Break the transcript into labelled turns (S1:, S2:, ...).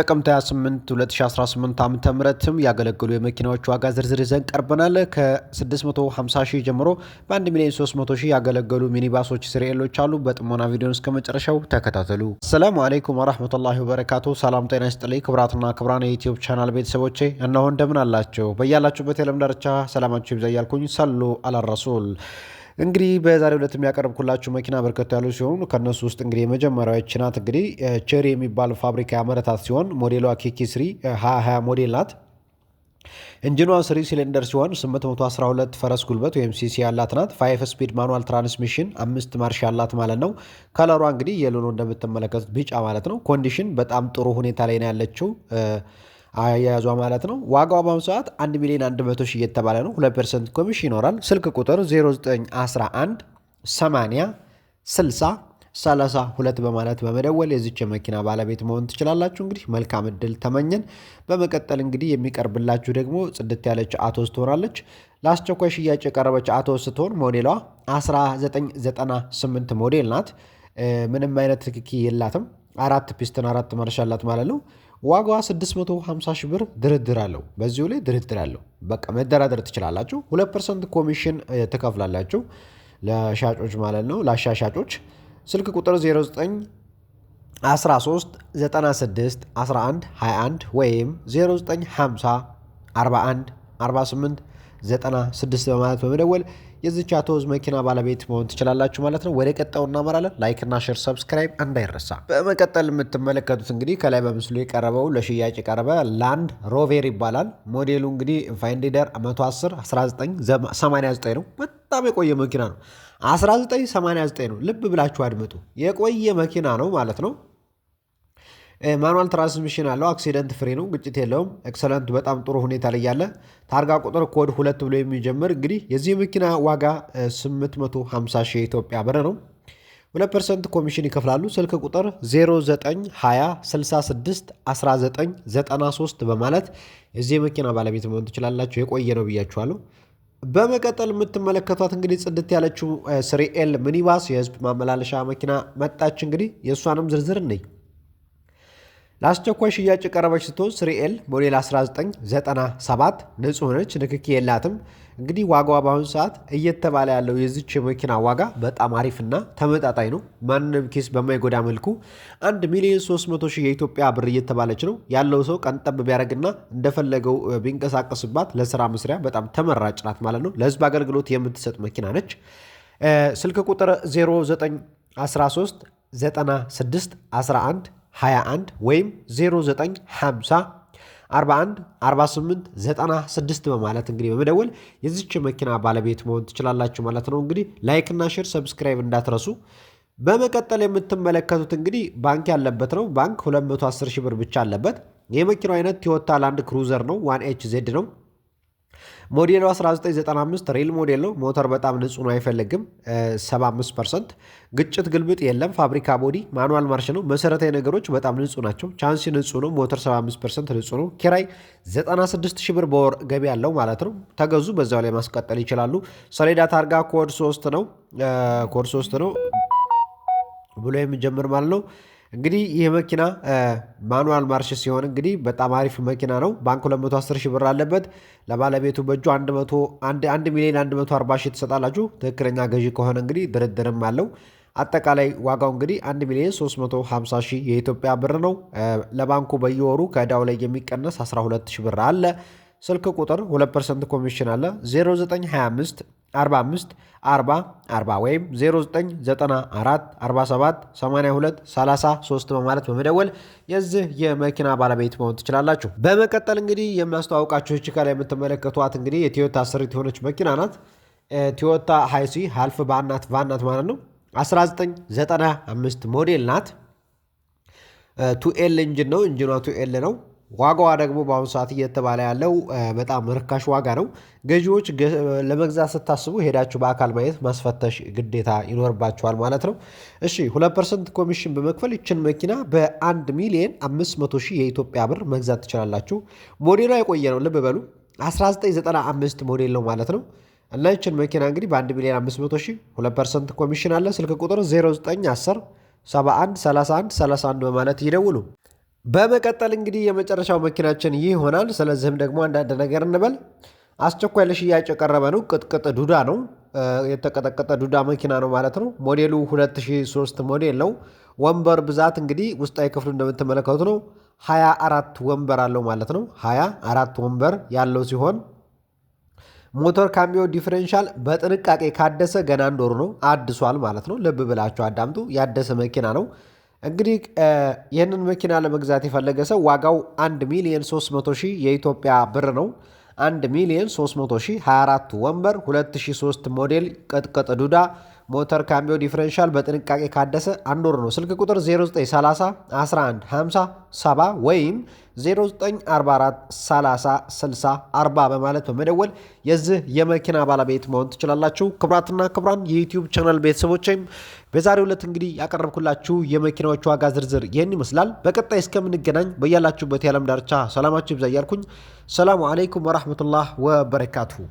S1: ጥቅምት 28 2018 ዓ.ም ያገለገሉ የመኪናዎች ዋጋ ዝርዝር ይዘን ቀርበናል። ከ650 ሺህ ጀምሮ በ1 ሚሊዮን 300 ሺህ ያገለገሉ ሚኒባሶች፣ ስርኤሎች አሉ። በጥሞና ቪዲዮን እስከ መጨረሻው ተከታተሉ። ሰላም አሌይኩም ወራህመቱላሂ ወበረካቱ። ሰላም ጤና ይስጥልኝ ክብራትና ክብራን የዩትዩብ ቻናል ቤተሰቦቼ እነሆ እንደምን አላቸው። በያላችሁበት የዓለም ዳርቻ ሰላማችሁ ይብዛ እያልኩኝ ሰሉ አላረሱል እንግዲህ በዛሬ ዕለት የሚያቀርብኩላችሁ መኪና በርከት ያሉ ሲሆኑ ከእነሱ ውስጥ እንግዲህ የመጀመሪያዎች ናት። እንግዲህ ቼሪ የሚባል ፋብሪካ ያመረታት ሲሆን ሞዴሏ ኬኪስሪ 2020 ሞዴል ናት። እንጂኗ ስሪ ሲሊንደር ሲሆን 812 ፈረስ ጉልበት ወይም ሲሲ ያላት ናት። ፋይፍ ስፒድ ማኑዋል ትራንስሚሽን አምስት ማርሽ ያላት ማለት ነው። ከለሯ እንግዲህ የሎኖ እንደምትመለከቱት ቢጫ ማለት ነው። ኮንዲሽን በጣም ጥሩ ሁኔታ ላይ ነው ያለችው። አያያዟ ማለት ነው። ዋጋው በአሁኑ ሰዓት 1 ሚሊዮን 100 ሺህ እየተባለ ነው። 2 ፐርሰንት ኮሚሽን ይኖራል። ስልክ ቁጥር 0911 80 60 32 በማለት በመደወል የዚች መኪና ባለቤት መሆን ትችላላችሁ። እንግዲህ መልካም እድል ተመኘን። በመቀጠል እንግዲህ የሚቀርብላችሁ ደግሞ ጽድት ያለች አቶስ ትሆናለች። ለአስቸኳይ ሽያጭ የቀረበች አቶስ ስትሆን ሞዴሏ 1998 ሞዴል ናት። ምንም አይነት ክኪ የላትም። አራት ፒስትን አራት መርሻላት ማለት ነው። ዋጋዋ 650 ሺህ ብር ድርድር አለው። በዚሁ ላይ ድርድር አለው። በቃ መደራደር ትችላላችሁ። 2 ኮሚሽን ትከፍላላችሁ ለሻጮች ማለት ነው፣ ለአሻሻጮች ስልክ ቁጥር 09 13 96 11 21 ወይም 0950 41 48 96 በማለት በመደወል የዚች አቶዝ መኪና ባለቤት መሆን ትችላላችሁ ማለት ነው። ወደ ቀጣው እናመራለን። ላይክና ሼር ሰብስክራይብ እንዳይረሳ። በመቀጠል የምትመለከቱት እንግዲህ ከላይ በምስሉ የቀረበው ለሽያጭ የቀረበ ላንድ ሮቬር ይባላል። ሞዴሉ እንግዲህ ፋይንዲደር 110 1989 ነው። በጣም የቆየ መኪና ነው። 1989 ነው። ልብ ብላችሁ አድምጡ። የቆየ መኪና ነው ማለት ነው። ማኑዋል ትራንስሚሽን አለው። አክሲደንት ፍሪ ነው። ግጭት የለውም። ኤክሰለንቱ በጣም ጥሩ ሁኔታ ላይ ያለ ታርጋ ቁጥር ኮድ ሁለት ብሎ የሚጀምር እንግዲህ የዚህ መኪና ዋጋ 850 ሺህ ኢትዮጵያ ብር ነው። 2 ፐርሰንት ኮሚሽን ይከፍላሉ። ስልክ ቁጥር 0920661993 በማለት የዚህ መኪና ባለቤት መሆን ትችላላችሁ። የቆየ ነው ብያችኋለሁ። በመቀጠል የምትመለከቷት እንግዲህ ጽድት ያለችው ስሪኤል ሚኒባስ የህዝብ ማመላለሻ መኪና መጣች። እንግዲህ የእሷንም ዝርዝር ነኝ ለአስቸኳይ ሽያጭ የቀረበች ስትሆን ስሪኤል ሞዴል 1997 ንጹህ ነች፣ ንክኪ የላትም። እንግዲህ ዋጋዋ በአሁኑ ሰዓት እየተባለ ያለው የዚች መኪና ዋጋ በጣም አሪፍና ተመጣጣኝ ነው። ማንም ኬስ በማይጎዳ መልኩ 1 ሚሊዮን 300 ሺህ የኢትዮጵያ ብር እየተባለች ነው ያለው። ሰው ቀንጠብ ቢያደርግና እንደፈለገው ቢንቀሳቀስባት ለስራ መስሪያ በጣም ተመራጭ ናት ማለት ነው። ለህዝብ አገልግሎት የምትሰጥ መኪና ነች። ስልክ ቁጥር 0913 96 11 21 ወይም 0950 41 48 96 በማለት እንግዲህ በመደወል የዚች መኪና ባለቤት መሆን ትችላላችሁ ማለት ነው። እንግዲህ ላይክ እና ሼር ሰብስክራይብ እንዳትረሱ። በመቀጠል የምትመለከቱት እንግዲህ ባንክ ያለበት ነው። ባንክ 210 ሺህ ብር ብቻ አለበት። የመኪናው አይነት ቶዮታ ላንድ ክሩዘር ነው። ዋን ኤች ዜድ ነው። ሞዴሉ 1995 ሬል ሞዴል ነው። ሞተር በጣም ንጹህ ነው፣ አይፈልግም 75 ፐርሰንት። ግጭት ግልብጥ የለም። ፋብሪካ ቦዲ ማኑዋል ማርሽ ነው። መሰረታዊ ነገሮች በጣም ንጹህ ናቸው። ቻንሲ ንጹህ ነው። ሞተር 75 ፐርሰንት ንጹህ ነው። ኪራይ 96 ሺህ ብር በወር ገቢ ያለው ማለት ነው። ተገዙ፣ በዛው ላይ ማስቀጠል ይችላሉ። ሰሌዳ ታርጋ ኮድ 3 ነው። ኮድ 3 ነው ብሎ የሚጀምር ማለት ነው። እንግዲህ ይህ መኪና ማኑዋል ማርሽ ሲሆን እንግዲህ በጣም አሪፍ መኪና ነው። ባንክ 210 ሺህ ብር አለበት። ለባለቤቱ በእጁ 1 ሚሊዮን 140 ሺህ ትሰጣላችሁ። ትክክለኛ ገዢ ከሆነ እንግዲህ ድርድርም አለው። አጠቃላይ ዋጋው እንግዲህ 1 ሚሊዮን 350 ሺህ የኢትዮጵያ ብር ነው። ለባንኩ በየወሩ ከዳው ላይ የሚቀነስ 12 ሺህ ብር አለ። ስልክ ቁጥር 2 ፐርሰንት ኮሚሽን አለ 0925 45 40 40 ወይም 09 94 47 82 33 በማለት በመደወል የዚህ የመኪና ባለቤት መሆን ትችላላችሁ። በመቀጠል እንግዲህ የሚያስተዋውቃችሁ እች ከላይ የምትመለከቷት እንግዲህ የቶዮታ ስሪት የሆነች መኪና ናት። ቲዮታ ሃይሲ ሀልፍ ባናት ቫናት ማለት ነው። 1995 ሞዴል ናት። ቱኤል ኢንጂን ነው። ኢንጂኗ ቱኤል ነው። ዋጋዋ ደግሞ በአሁኑ ሰዓት እየተባለ ያለው በጣም ርካሽ ዋጋ ነው። ገዢዎች ለመግዛት ስታስቡ ሄዳችሁ በአካል ማየት ማስፈተሽ ግዴታ ይኖርባችኋል ማለት ነው። እሺ ሁለት ፐርሰንት ኮሚሽን በመክፈል ይችን መኪና በአንድ ሚሊየን አምስት መቶ ሺህ የኢትዮጵያ ብር መግዛት ትችላላችሁ። ሞዴሏ የቆየ ነው፣ ልብ በሉ 1995 ሞዴል ነው ማለት ነው። እና ይችን መኪና እንግዲህ በአንድ ሚሊዮን 500 ሺህ 2 ፐርሰንት ኮሚሽን አለ። ስልክ ቁጥር 0910 71 31 31 በማለት ይደውሉ። በመቀጠል እንግዲህ የመጨረሻው መኪናችን ይህ ይሆናል። ስለዚህም ደግሞ አንዳንድ ነገር እንበል። አስቸኳይ ለሽያጭ የቀረበ ነው። ቅጥቅጥ ዱዳ ነው። የተቀጠቀጠ ዱዳ መኪና ነው ማለት ነው። ሞዴሉ 2003 ሞዴል ነው። ወንበር ብዛት እንግዲህ ውስጣዊ ክፍሉ እንደምትመለከቱ ነው። 24 ወንበር አለው ማለት ነው። 24 ወንበር ያለው ሲሆን ሞተር ካምቢዮ ዲፍረንሻል በጥንቃቄ ካደሰ ገና አንድ ወሩ ነው። አድሷል ማለት ነው። ልብ ብላችሁ አዳምጡ። ያደሰ መኪና ነው። እንግዲህ ይህንን መኪና ለመግዛት የፈለገ ሰው ዋጋው 1 ሚሊዮን 300 ሺህ የኢትዮጵያ ብር ነው። 1 ሚሊዮን 300 ሺህ 24 ወንበር 2003 ሞዴል ቅጥቅጥ ዱዳ ሞተር ካምቢዮ ዲፍረንሻል በጥንቃቄ ካደሰ አንድ ወር ነው። ስልክ ቁጥር 0931157 ወይም 0944 በማለት በመደወል የዚህ የመኪና ባለቤት መሆን ትችላላችሁ። ክቡራትና ክቡራን የዩቲዩብ ቻናል ቤተሰቦችም በዛሬው ዕለት እንግዲህ ያቀረብኩላችሁ የመኪናዎች ዋጋ ዝርዝር ይህን ይመስላል። በቀጣይ እስከምንገናኝ በያላችሁበት የዓለም ዳርቻ ሰላማችሁ ይብዛ እያልኩኝ ሰላሙ አሌይኩም ወራህመቱላህ ወበረካቱሁ።